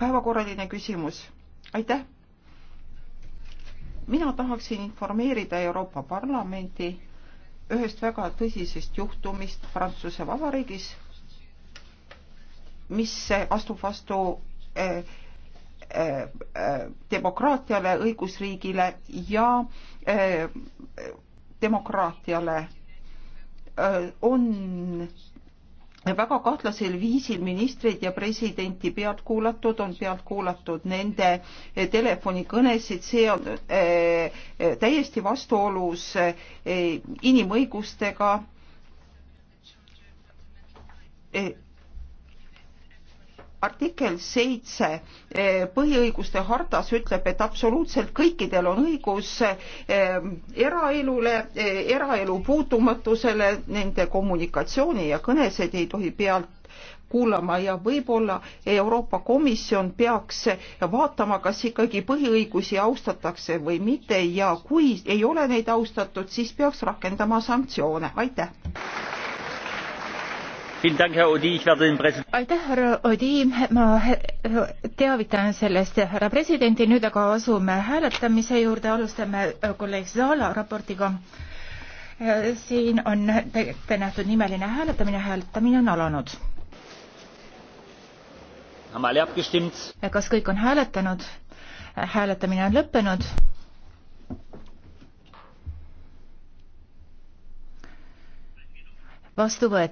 päevakorraline küsimus. aitäh. mina tahaksin informeerida Euroopa Parlamenti ühest väga tõsisest juhtumist Prantsuse Vabariigis, mis astub vastu äh, demokraatiale, õigusriigile ja demokraatiale on väga kahtlasel viisil ministreid ja presidenti pealt kuulatud, on pealt kuulatud nende eh, telefonikõnesid, see on äh, täiesti vastuolus äh, inimõigustega artikkel seitse eh, põhiõiguste hartas ütleb, et absoluutselt kõikidel on õigus eh, eraelule, eh, eraelu puutumatusele, nende kommunikatsiooni ja kõnesid ei tohi pealt kuulama ja võib-olla Euroopa Komisjon peaks vaatama, kas ikkagi põhiõigusi austatakse või mitte ja kui ei ole neid austatud, siis peaks rakendama sanktsioone. aitäh! aitäh, härra Odi, ma teavitan sellest härra presidenti, nüüd aga asume hääletamise juurde, alustame äh, kolleeg Zala raportiga. Äh, siin on ette nähtud nimeline hääletamine, hääletamine on alanud. kas kõik on hääletanud? Äh, hääletamine on lõppenud vastu võetud.